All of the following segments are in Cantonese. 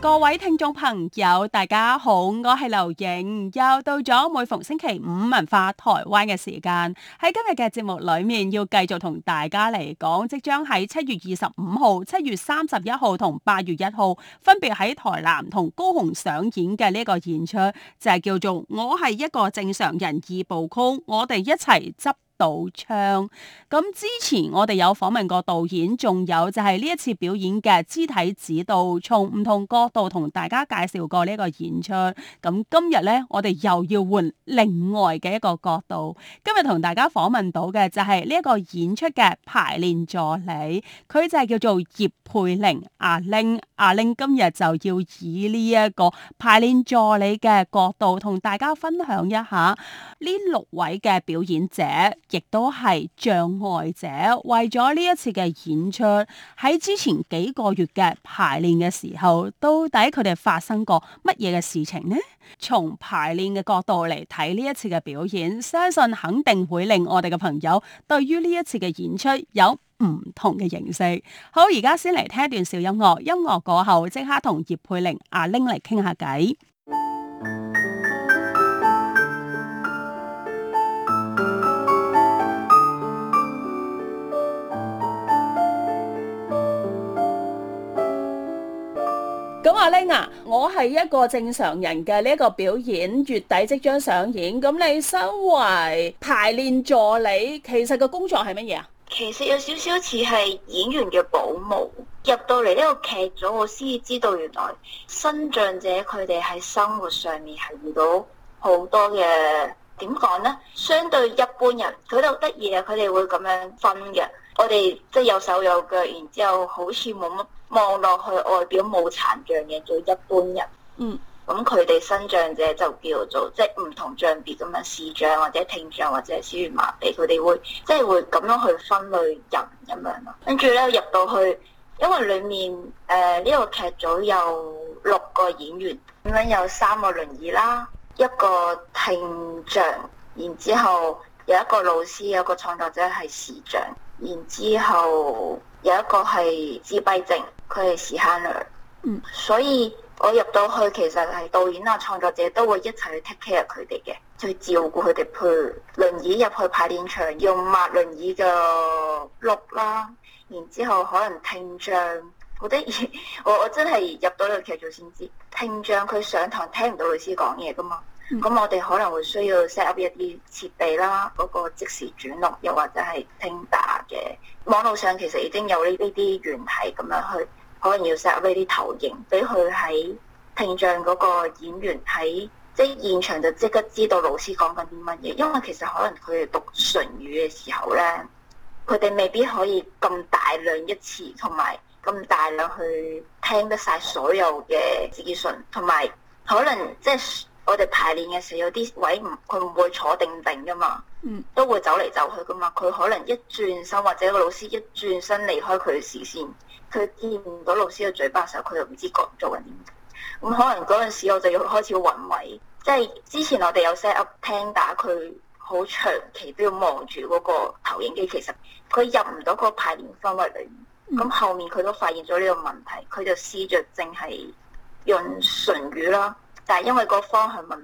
各位聽眾朋友，大家好，我係劉穎，又到咗每逢星期五文化台灣嘅時間。喺今日嘅節目裏面，要繼續同大家嚟講，即將喺七月二十五號、七月三十一號同八月一號，分別喺台南同高雄上演嘅呢個演出，就係叫做《我係一個正常人二部曲》，我哋一齊執。導唱，咁之前我哋有訪問過導演，仲有就係呢一次表演嘅肢體指導，從唔同角度同大家介紹過呢個演出。咁今日呢，我哋又要換另外嘅一個角度。今日同大家訪問到嘅就係呢一個演出嘅排練助理，佢就係叫做葉佩玲、阿玲。阿玲今日就要以呢一個排練助理嘅角度，同大家分享一下呢六位嘅表演者。亦都係障礙者，為咗呢一次嘅演出，喺之前幾個月嘅排練嘅時候，到底佢哋發生過乜嘢嘅事情呢？從排練嘅角度嚟睇，呢一次嘅表演，相信肯定會令我哋嘅朋友對於呢一次嘅演出有唔同嘅認識。好，而家先嚟聽一段小音樂，音樂過後，即刻同葉佩玲、阿玲嚟傾下偈。咁阿 Lena 啊，我係一個正常人嘅呢一個表演，月底即將上演。咁你身為排練助理，其實個工作係乜嘢啊？其實有少少似係演員嘅保姆。入到嚟呢個劇組，我先至知道原來身障者佢哋喺生活上面係遇到好多嘅點講呢？相對一般人，佢哋得意啊！佢哋會咁樣分嘅。我哋即係有手有腳，然之後好似冇乜。望落去外表冇殘障嘅做一般人，嗯，咁佢哋身障者就叫做即係唔同障別咁樣，視障或者聽障或者視弱、麻痺，佢哋會即係、就是、會咁樣去分類人咁樣咯。跟住咧入到去，因為裏面誒呢、呃這個劇組有六個演員，咁樣有三個輪椅啦，一個聽障，然之後有一個老師，有一個創作者係視障，然之後。有一個係自閉症，佢係屎坑娘，所以我入到去其實係導演啊，創作者都會一齊去 take care 佢哋嘅，去照顧佢哋，陪輪椅入去排練場，用抹輪椅嘅碌啦，然之後可能聽障，好得意，我我真係入到呢個劇組先知，聽障佢上堂聽唔到老師講嘢噶嘛。咁、嗯、我哋可能會需要 set up 一啲設備啦，嗰、那個即時轉錄，又或者係聽打嘅網路上其實已經有呢呢啲軟體咁樣去，可能要 set up 呢啲投影，俾佢喺聽障嗰個演員喺即係現場就即刻知道老師講緊啲乜嘢，因為其實可能佢哋讀唇語嘅時候咧，佢哋未必可以咁大量一次，同埋咁大量去聽得晒所有嘅資訊，同埋可能即、就、係、是。我哋排練嘅時候有啲位唔，佢唔會坐定定噶嘛，都會走嚟走去噶嘛。佢可能一轉身或者個老師一轉身離開佢嘅視線，佢見唔到老師嘅嘴巴時候，佢就唔知講做緊點。咁可能嗰陣時我就要開始揾位，即係之前我哋有 set up 聽打，佢好長期都要望住嗰個投影機。其實佢入唔到個排練氛圍裏，咁後面佢都發現咗呢個問題，佢就試着淨係用唇語啦。但係因為個方向問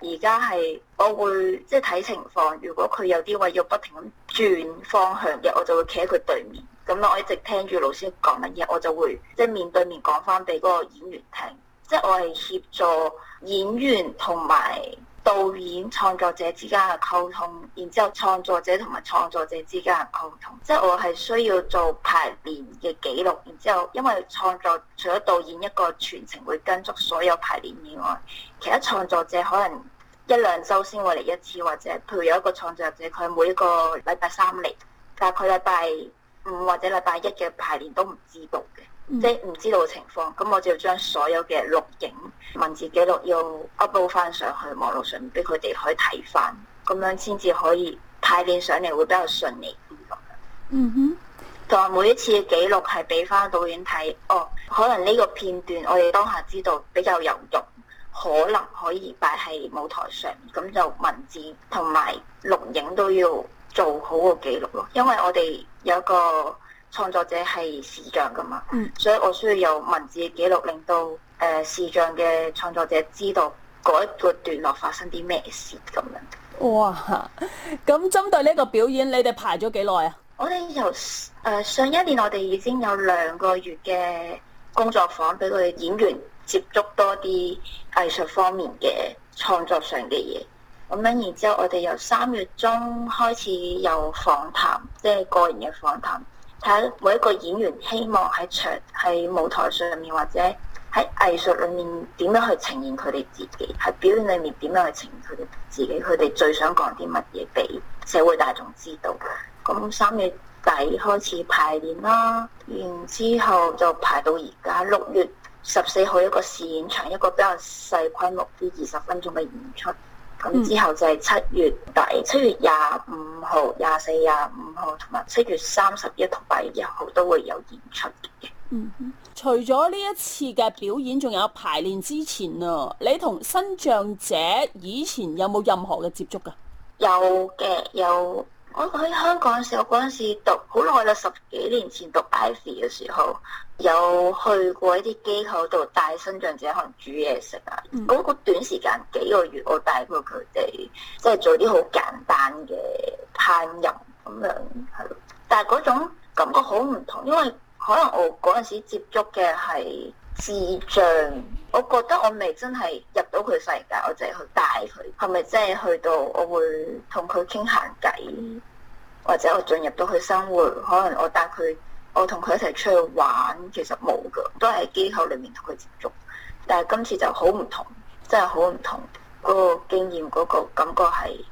題，而家係我會即係睇情況，如果佢有啲位要不停咁轉方向嘅，我就會企喺佢對面，咁咯，我一直聽住老師講乜嘢，我就會即係、即係、面對面講翻俾嗰個演員聽，即係我係協助演員同埋，導演創作者之間嘅溝通，然之後創作者同埋創作者之間嘅溝通，即係我係需要做排練嘅記錄。然之後，因為創作除咗導演一個全程會跟足所有排練以外，其他創作者可能一兩周先會嚟一次，或者譬如有一個創作者佢每一個禮拜三嚟，但係佢禮拜五或者禮拜一嘅排練都唔知道嘅。即係唔知道情況，咁、mm hmm. 我就要將所有嘅錄影文字記錄要 upload 翻上去網絡上面，俾佢哋可以睇翻，咁樣先至可以排練上嚟會比較順利啲咯。嗯哼、mm，同、hmm. 埋每一次嘅記錄係俾翻導演睇，哦，可能呢個片段我哋當下知道比較有用，可能可以擺喺舞台上，咁就文字同埋錄影都要做好個記錄咯，因為我哋有個。創作者係視像㗎嘛，嗯、所以我需要有文字嘅記錄，令到誒、呃、視像嘅創作者知道嗰一個段落發生啲咩事咁樣。哇！咁針對呢個表演，你哋排咗幾耐啊？我哋由誒、呃、上一年，我哋已經有兩個月嘅工作坊，俾佢演員接觸多啲藝術方面嘅創作上嘅嘢。咁、嗯、樣然之後，我哋由三月中開始有訪談，即、就、係、是、個人嘅訪談。睇每一個演員希望喺場，喺舞台上面或者喺藝術裡面點樣去呈現佢哋自己，喺表演裡面點樣去呈現佢哋自己，佢哋最想講啲乜嘢俾社會大眾知道。咁三月底開始排練啦，然之後就排，後就排到而家六月十四號一個試演場，一個比較細規模啲二十分鐘嘅演出。咁、嗯、之後就係七月底，七月廿五號、廿四、廿五號，同埋七月三十一同八月一號都會有演出。嗯，嗯，除咗呢一次嘅表演，仲有排練之前啊，你同新象者以前有冇任何嘅接觸㗎？有嘅，有。我喺香港嘅時候，嗰陣時讀好耐啦，十幾年前讀 Ivy 嘅時候，有去過一啲機構度帶身障者可能煮嘢食啊。咁嗰、嗯、短時間幾個月，我帶過佢哋，即係做啲好簡單嘅烹飪，咁樣，係咯，但係嗰種感覺好唔同，因為可能我嗰陣時接觸嘅係智障，我覺得我未真係。佢世界，我就係去帶佢，係咪即係去到？我會同佢傾閒偈，或者我進入到佢生活，可能我帶佢，我同佢一齊出去玩，其實冇噶，都係喺機構裏面同佢接觸。但係今次就好唔同，真係好唔同。嗰、嗰個經驗，嗰個感覺係，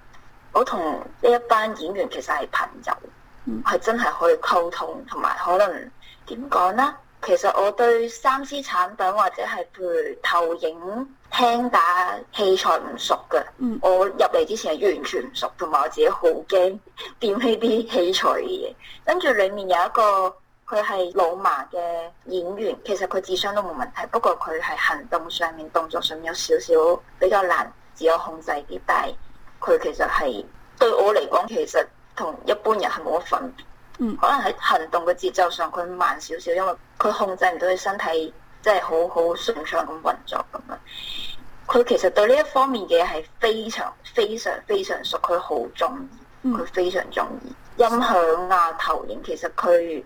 我同呢一班演員其實係朋友，係、嗯、真係可以溝通，同埋可能點講咧？其實我對三 C 產品或者係譬如投影。聽打器材唔熟嘅，嗯，我入嚟之前係完全唔熟，同埋我自己好驚點起啲器材嘅嘢。跟住裏面有一個佢係老麻嘅演員，其實佢智商都冇問題，不過佢係行動上面，動作上面有少少比較難，自我控制啲。但係佢其實係對我嚟講，其實同一般人係冇乜分別。嗯，可能喺行動嘅節奏上佢慢少少，因為佢控制唔到佢身體。即係好好順暢咁運作咁樣，佢其實對呢一方面嘅係非常非常非常熟，佢好中意，佢、嗯、非常中意音響啊投影。其實佢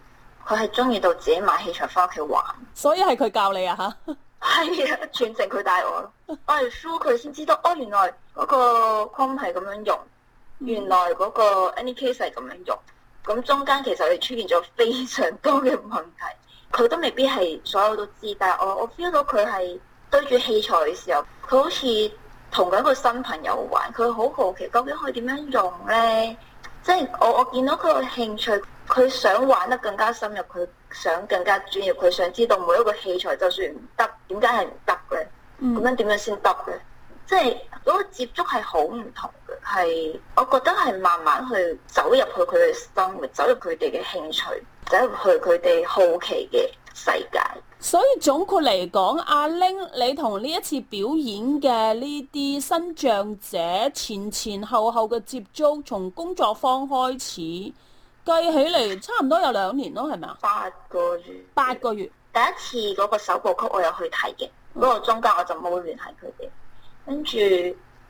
佢係中意到自己買器材返屋企玩，所以係佢教你啊吓。係 啊，全程佢帶我，我係輸佢先知道哦。原來嗰個 com 係咁樣用，嗯、原來嗰個 any case 係咁樣用。咁中間其實係出現咗非常多嘅問題。佢都未必係所有都知，但係我我 feel 到佢係對住器材嘅時候，佢好似同緊一個新朋友玩，佢好好奇究竟可以點樣用咧？即係我我見到佢個興趣，佢想玩得更加深入，佢想更加專業，佢想知道每一個器材就算唔得，點解係唔得咧？咁樣點樣先得咧？嗯、即係嗰個接觸係好唔同嘅，係我覺得係慢慢去走入去佢嘅生活，走入佢哋嘅興趣。走入去佢哋好奇嘅世界，所以總括嚟講，阿玲，你同呢一次表演嘅呢啲新象者前前後後嘅接觸，從工作坊開始計起嚟，差唔多有兩年咯，係咪啊？八個月，八個月。第一次嗰個首部曲，我有去睇嘅，不過中間我就冇聯繫佢哋，跟住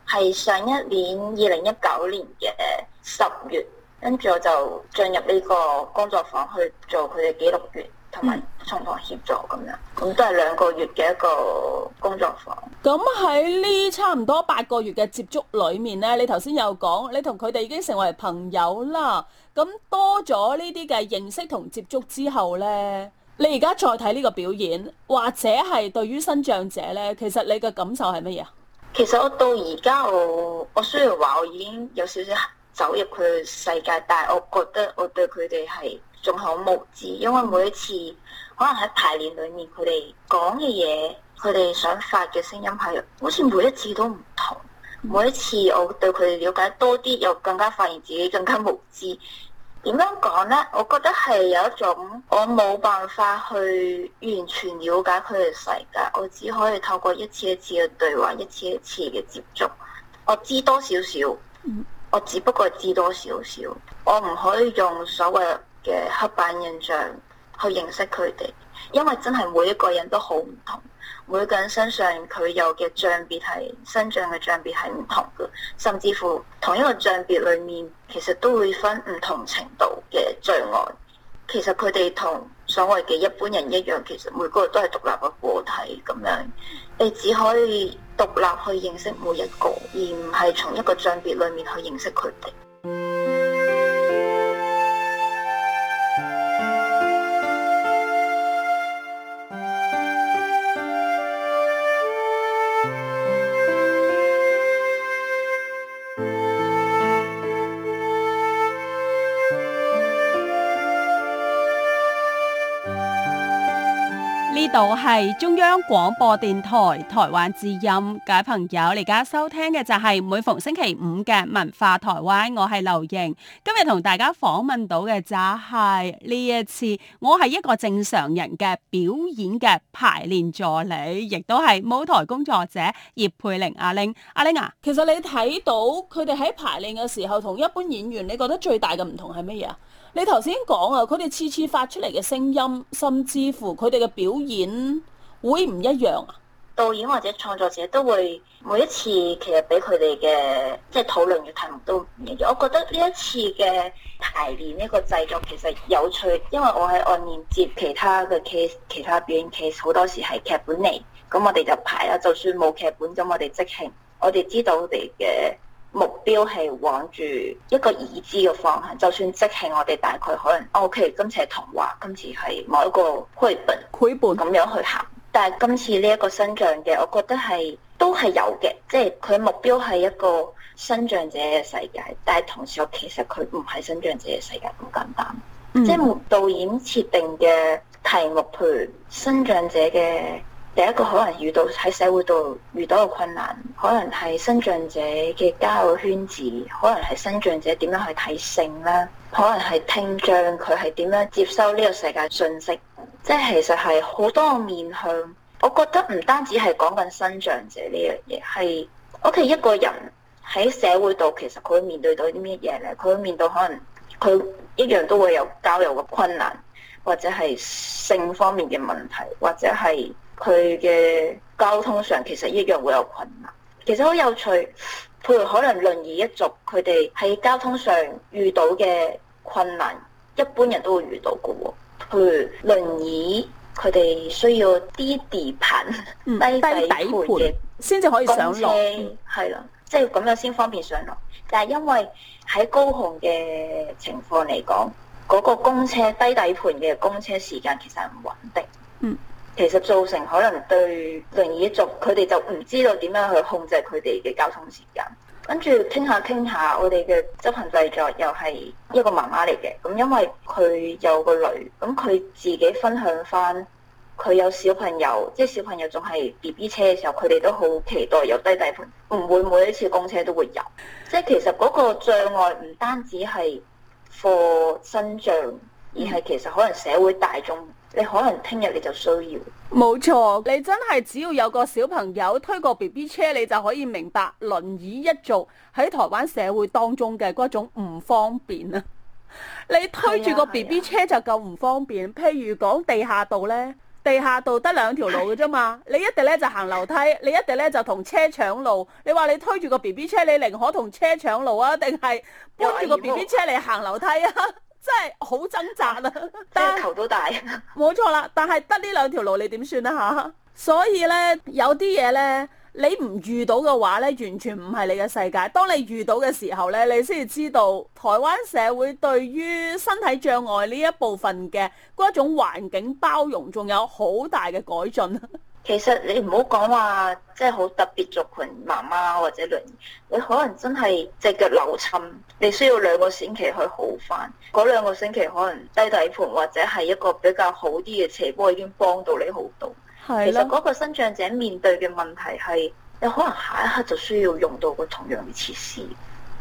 係上一年二零一九年嘅十月。跟住我就進入呢個工作坊去做佢嘅記錄員同埋從旁協助咁樣，咁都係兩個月嘅一個工作坊。咁喺呢差唔多八個月嘅接觸裏面呢，你頭先有講你同佢哋已經成為朋友啦。咁多咗呢啲嘅認識同接觸之後呢，你而家再睇呢個表演，或者係對於新將者呢，其實你嘅感受係乜嘢啊？其實我到而家我我雖然話我已經有少少。 走入佢嘅世界，但係我覺得我對佢哋係仲係好無知，因為每一次可能喺排練裏面，佢哋講嘅嘢，佢哋想發嘅聲音係好似每一次都唔同，每一次我對佢哋了解多啲，又更加發現自己更加無知。點樣講咧？我覺得係有一種我冇辦法去完全了解佢嘅世界，我只可以透過一次一次嘅對話，一次一次嘅接觸，我知多少少。嗯。我只不過知多少少，我唔可以用所謂嘅刻板印象去認識佢哋，因為真係每一個人都好唔同，每個人身上佢有嘅障別係身障嘅障別係唔同嘅，甚至乎同一個障別裡面，其實都會分唔同程度嘅障礙。其實佢哋同所謂嘅一般人一樣，其實每個人都係獨立嘅個體咁樣，你只可以，獨立去認識每一個，而唔係從一個障別裏面去認識佢哋。就係中央廣播電台台灣之音，各位朋友，你而家收聽嘅就係每逢星期五嘅文化台灣，我係劉瑩，今日同大家訪問到嘅就係呢一次，我係一個正常人嘅表演嘅排練助理，亦都係舞台工作者葉佩玲。阿玲阿玲啊，其實你睇到佢哋喺排練嘅時候，同一般演員，你覺得最大嘅唔同係乜嘢啊？你頭先講啊，佢哋次次發出嚟嘅聲音，甚至乎佢哋嘅表演會唔一樣啊？導演或者創作者都會每一次其實俾佢哋嘅即係討論嘅題目都唔一樣。我覺得呢一次嘅排練，呢個製作其實有趣，因為我喺外面接其他嘅 case，其他表演 case 好多時係劇本嚟，咁我哋就排啊。就算冇劇本，咁我哋即興，我哋知道我哋嘅。目標係往住一個已知嘅方向，就算即係我哋大概可能，OK，今次係童話，今次係某一個繪本，繪本咁樣去行。但係今次呢一個生長嘅，我覺得係都係有嘅，即係佢目標係一個生長者嘅世界。但係同時，我其實佢唔係生長者嘅世界咁簡單，嗯、即係導演設定嘅題目，譬如生長者嘅。第一個可能遇到喺社會度遇到嘅困難，可能係身障者嘅交友圈子，可能係身障者點樣去睇性啦，可能係聽障佢係點樣接收呢個世界信息，即係其實係好多面向。我覺得唔單止係講緊身障者呢樣嘢，係我睇一個人喺社會度，其實佢會面對到啲咩嘢呢？佢會面對到可能佢一樣都會有交友嘅困難，或者係性方面嘅問題，或者係。佢嘅交通上其實一樣會有困難。其實好有趣，譬如可能輪椅一族，佢哋喺交通上遇到嘅困難，一般人都會遇到嘅喎。譬如輪椅，佢哋需要啲地盤低底盤嘅，先至、嗯、可以上落。係咯，即係咁樣先方便上落。嗯、但係因為喺高雄嘅情況嚟講，嗰、那個公車低底盤嘅公車時間其實係唔穩定。嗯。其實造成可能對輪椅族，佢哋就唔知道點樣去控制佢哋嘅交通時間。跟住傾下傾下，我哋嘅執行製作又係一個媽媽嚟嘅，咁因為佢有個女，咁佢自己分享翻，佢有小朋友，即係小朋友仲係 B B 車嘅時候，佢哋都好期待有低底盤，唔會每一次公車都會有。即係其實嗰個障礙唔單止係貨身障，而係其實可能社會大眾。你可能聽日你就需要。冇錯，你真係只要有個小朋友推個 B B 車，你就可以明白輪椅一族喺台灣社會當中嘅嗰種唔方便啊！你推住個 B B 車就夠唔方便，譬如講地下道呢，地下道得兩條路嘅啫嘛，的你一定咧就行樓梯，你一定咧就同車搶路。你話你推住個 B B 車，你寧可同車搶路啊，定係搬住個 B B 車嚟行樓梯啊？真係好掙扎啊！得頭都大，冇錯啦。但係得呢兩條路，你點算呢？嚇！ 所以呢，有啲嘢呢，你唔遇到嘅話呢，完全唔係你嘅世界。當你遇到嘅時候呢，你先至知道台灣社會對於身體障礙呢一部分嘅嗰一種環境包容，仲有好大嘅改進。其實你唔好講話，即係好特別族群媽媽或者輪，你可能真係隻腳扭親，你需要兩個星期去好返。嗰兩個星期可能低底盤或者係一個比較好啲嘅斜坡已經幫到你好到。其實嗰個身障者面對嘅問題係，你可能下一刻就需要用到個同樣嘅設施。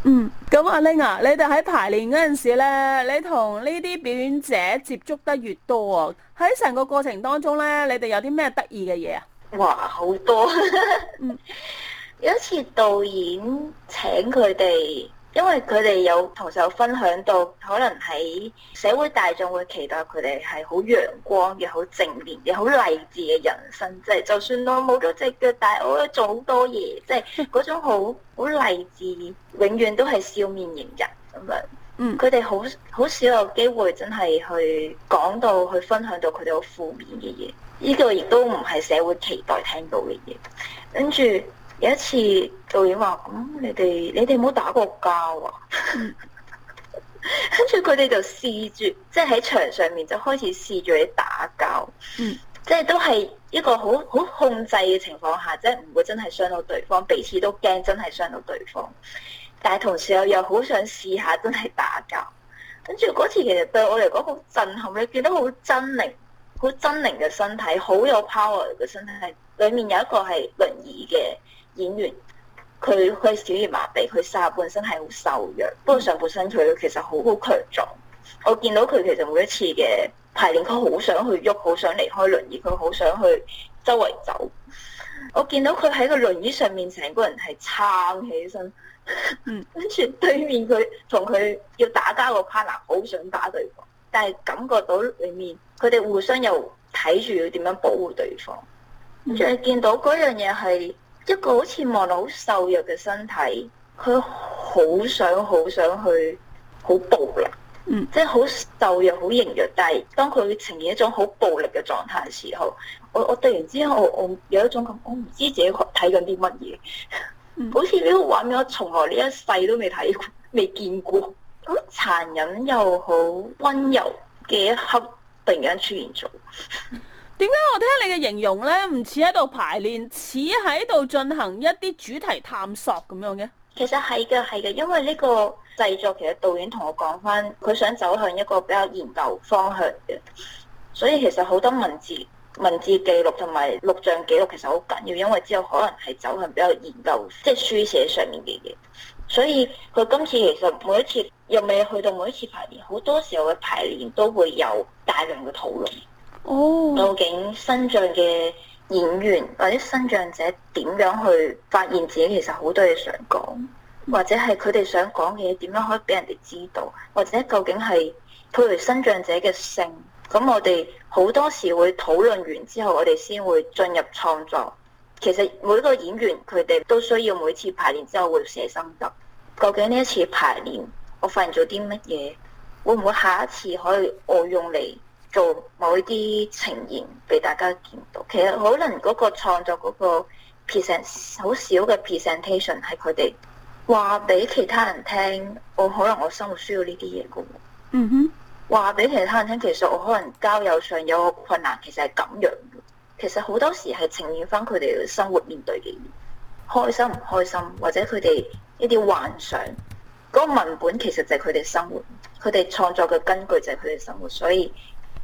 嗯，咁阿玲啊，你哋喺排練嗰陣時咧，你同呢啲表演者接觸得越多喎，喺成個過程當中咧，你哋有啲咩得意嘅嘢啊？哇，好多！ 嗯、 有一次導演請佢哋。因為佢哋有同時有分享到，可能喺社會大眾會期待佢哋係好陽光嘅、好正面嘅、好勵志嘅人生，即係就算我冇咗隻腳，但係我做好多嘢，即係嗰種好好勵志，永遠都係笑面迎人咁樣，嗯，佢哋好好少有機會真係去講到去分享到佢哋好負面嘅嘢，呢個亦都唔係社會期待聽到嘅嘢，跟住。有一次，導演話，咁、嗯、你哋你哋冇打過架啊？跟住佢哋就試住，即係喺牆上面就開始試住喺打交，嗯。即係都係一個好好控制嘅情況下，即係唔會真係傷到對方，彼此都驚真係傷到對方。但係同時又又好想試下真係打交。跟住嗰次其實對我嚟講好震撼，你見到好猙獰、好猙獰嘅身體，好有 power 嘅身體，裏面有一個係輪椅嘅。演員佢佢小兒麻痺，佢下半身係好瘦弱，不過上半身佢其實好好強壯。我見到佢其實每一次嘅排練，佢好想去喐，好想離開輪椅，佢好想去周圍走。我見到佢喺個輪椅上面，成個人係撐起身，嗯，跟住對面佢同佢要打交個 partner 好想打對方，但係感覺到裏面佢哋互相又睇住要點樣保護對方，再、嗯、見到嗰樣嘢係。一個好似望到好瘦弱嘅身體，佢好想好想去好暴力，嗯，即係好瘦弱、好羸弱。但係當佢呈現一種好暴力嘅狀態嘅時候，我我突然之間，我我有一種感，我唔知自己睇緊啲乜嘢，嗯，好似呢個畫面我從來呢一世都未睇過、未見過，咁殘忍又好溫柔嘅一刻，突然間出現咗。點解我聽你嘅形容咧，唔似喺度排練，似喺度進行一啲主題探索咁樣嘅？其實係嘅，係嘅，因為呢個製作其實導演同我講翻，佢想走向一個比較研究方向嘅，所以其實好多文字、文字記錄同埋錄像記錄其實好緊要，因為之後可能係走向比較研究，即係書寫上面嘅嘢。所以佢今次其實每一次又未去到每一次排練，好多時候嘅排練都會有大量嘅討論。究竟新像嘅演員或者新像者點樣去發現自己？其實好多嘢想講，或者係佢哋想講嘅嘢點樣可以俾人哋知道，或者究竟係譬如新像者嘅性？咁我哋好多時會討論完之後，我哋先會進入創作。其實每個演員佢哋都需要每次排練之後會寫心得。究竟呢一次排練，我發現咗啲乜嘢？會唔會下一次可以我用嚟？做某一啲呈現俾大家見到，其實可能嗰個創作嗰個 present 好少嘅 presentation 係佢哋話俾其他人聽。我可能我生活需要呢啲嘢嘅喎。嗯哼、mm，話、hmm，俾其他人聽，其實我可能交友上有個困難，其實係咁樣嘅。其實好多時係呈現翻佢哋生活面對嘅嘢，開心唔開心，或者佢哋一啲幻想嗰個文本，其實就係佢哋生活，佢哋創作嘅根據就係佢哋生活，所以。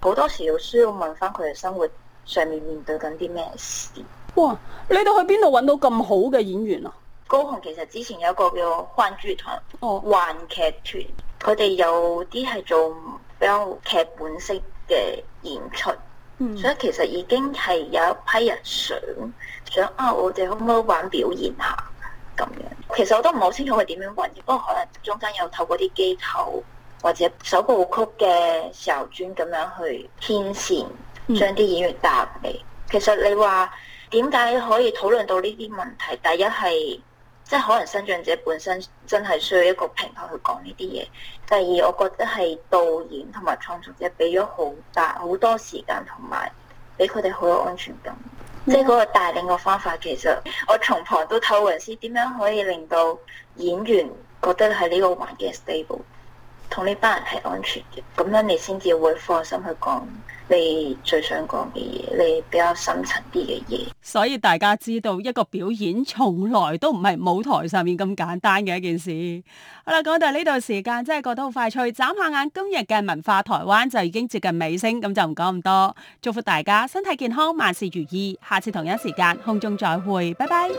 好多時要需要問翻佢哋生活上面面對緊啲咩事？哇！你哋去邊度揾到咁好嘅演員啊？高雄其實之前有一個叫幻珠團，哦，幻劇團，佢哋有啲係做比較劇本式嘅演出，嗯、所以其實已經係有一批人想想啊，我哋可唔可以玩表演下咁樣？其實我都唔好清楚佢點樣搵，不過可能中間有透過啲機構。或者首部曲嘅時候專咁樣去牽線，將啲演員搭嚟。嗯、其實你話點解你可以討論到呢啲問題？第一係即係可能新進者本身真係需要一個平台去講呢啲嘢。第二，我覺得係導演同埋創作者俾咗好大好多時間，同埋俾佢哋好有安全感。即係嗰個帶領嘅方法，其實我從旁都透偷人先點樣可以令到演員覺得喺呢個環境 stable。同呢班人係安全嘅，咁樣你先至會放心去講你最想講嘅嘢，你比較深層啲嘅嘢。所以大家知道一個表演從來都唔係舞台上面咁簡單嘅一件事。好啦，講到呢度時間真係覺得好快脆，眨下眼今日嘅文化台灣就已經接近尾聲，咁就唔講咁多。祝福大家身體健康，萬事如意。下次同一時間空中再會，拜拜。